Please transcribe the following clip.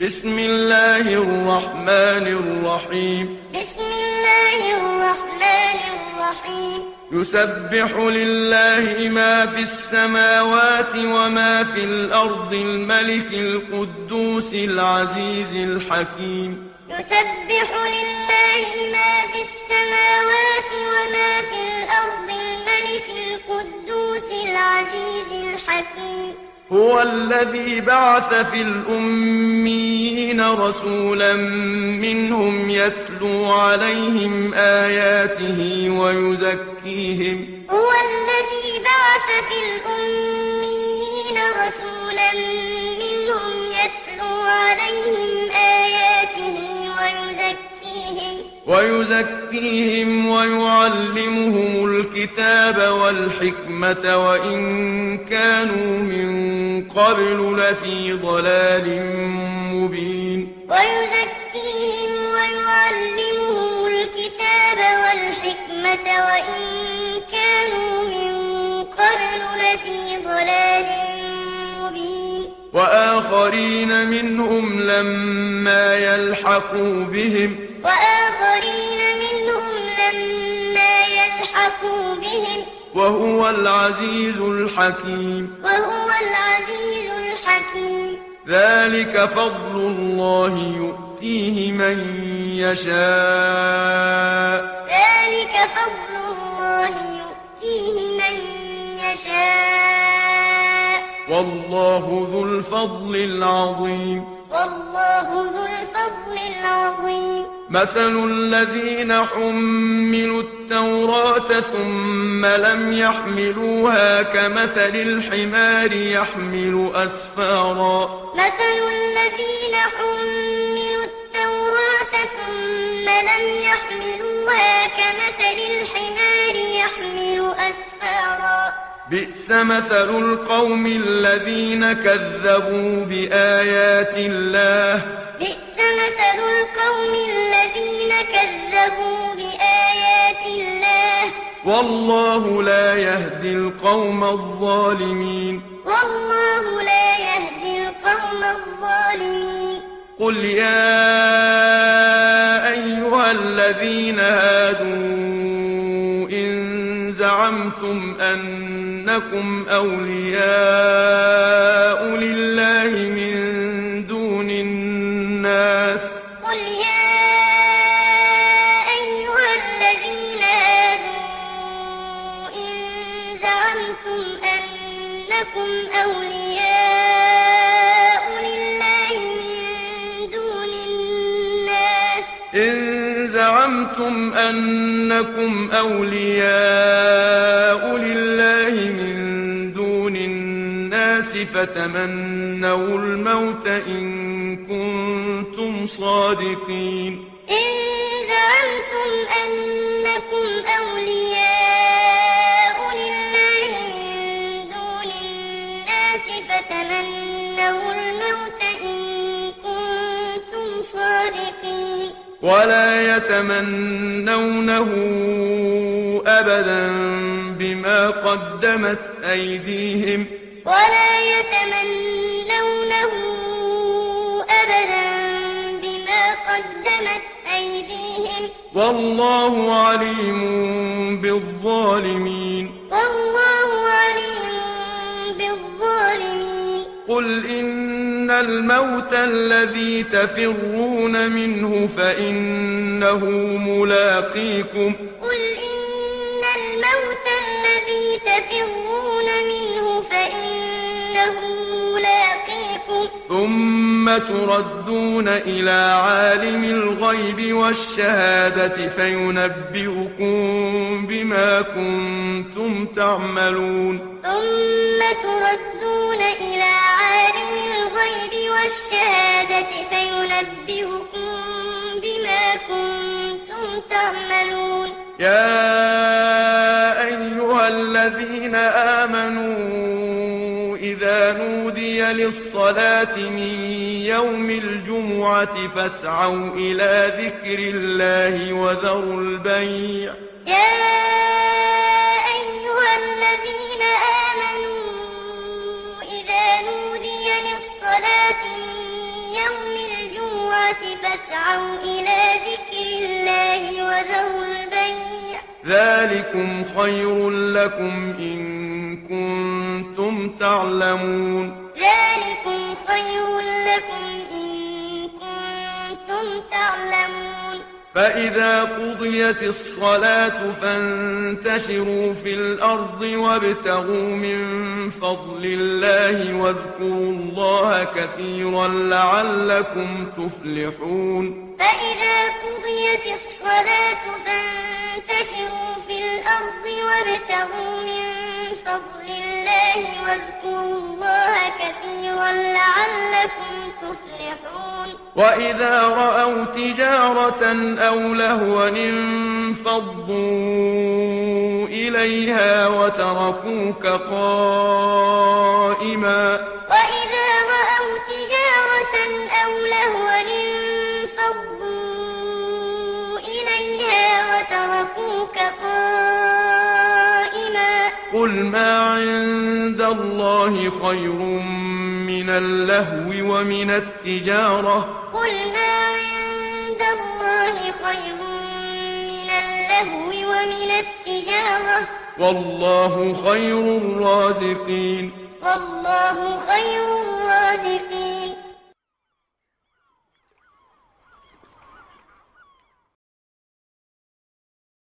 بسم الله الرحمن الرحيم بسم الله الرحمن الرحيم يسبح لله ما في السماوات وما في الأرض الملك القدوس العزيز الحكيم يسبح لله ما في السماوات وما في الأرض الملك القدوس العزيز الحكيم هو الذي بعث في الأمين رسولا منهم يتلو عليهم آياته ويزكيهم هو الذي بعث في الأمين رسولا منهم يتلو عليهم آياته ويزكيهم ويعلمهم الكتاب والحكمة وإن كانوا من قبل لفي ضلال مبين ويزكيهم ويعلمهم الكتاب والحكمة وإن كانوا من قبل لفي ضلال مبين وآخرين منهم لما يلحقوا بهم وآخرين الآخرين منهم لما يلحقوا بهم وهو العزيز الحكيم وهو العزيز الحكيم ذلك فضل الله يؤتيه من يشاء ذلك فضل الله يؤتيه من يشاء والله ذو الفضل العظيم والله ذو الفضل العظيم مثل الذين حملوا التوراة ثم لم يحملوها كمثل الحمار يحمل أسفارا مثل الذين حملوا التوراة ثم لم يحملوها كمثل الحمار يحمل أسفارا بئس مثل القوم الذين كذبوا بآيات الله بئس مثل القوم الذين كذبوا بآيات الله والله لا يهدي القوم الظالمين والله لا يهدي القوم الظالمين قل يا أيها الذين هادوا إن زعمتم أن لكم أولياء لله من دون الناس قل يا أيها الذين آمنوا إن زعمتم أنكم أولياء لله أنكم أولياء لله فتمنوا الموت إن كنتم صادقين إن زعمتم أنكم أولياء لله من دون الناس فتمنوا الموت إن كنتم صادقين ولا يتمنونه أبدا بما قدمت أيديهم ولا يتمنونه أبدا بما قدمت أيديهم والله عليم بالظالمين والله عليم بالظالمين قل إن الموت الذي تفرون منه فإنه ملاقيكم الموت الذي تفرون منه فإنه ملاقيكم ثم تردون إلى عالم الغيب والشهادة فينبئكم بما كنتم تعملون ثم تردون إلى عالم الغيب والشهادة فينبئكم بما كنتم تعملون يا الذين آمنوا إذا نودي للصلاة من يوم الجمعة فاسعوا إلى ذكر الله وذروا البيع يا أيها الذين آمنوا إذا نودي للصلاة من يوم الجمعة فاسعوا إلى ذكر الله وذروا البيع ذلكم خير لكم إن كنتم تعلمون ذلكم خير لكم إن كنتم تعلمون فإذا قضيت الصلاة فانتشروا في الأرض وابتغوا من فضل الله واذكروا الله كثيرا لعلكم تفلحون فإذا قضيت الصلاة فانتشروا وانتشروا في الأرض وابتغوا من فضل الله واذكروا الله كثيرا لعلكم تفلحون وإذا رأوا تجارة أو لهوا انفضوا إليها وتركوك قائماً ما عند الله خير من اللهو ومن التجارة قل ما عند الله خير من اللهو ومن التجارة والله خير الرازقين والله خير الرازقين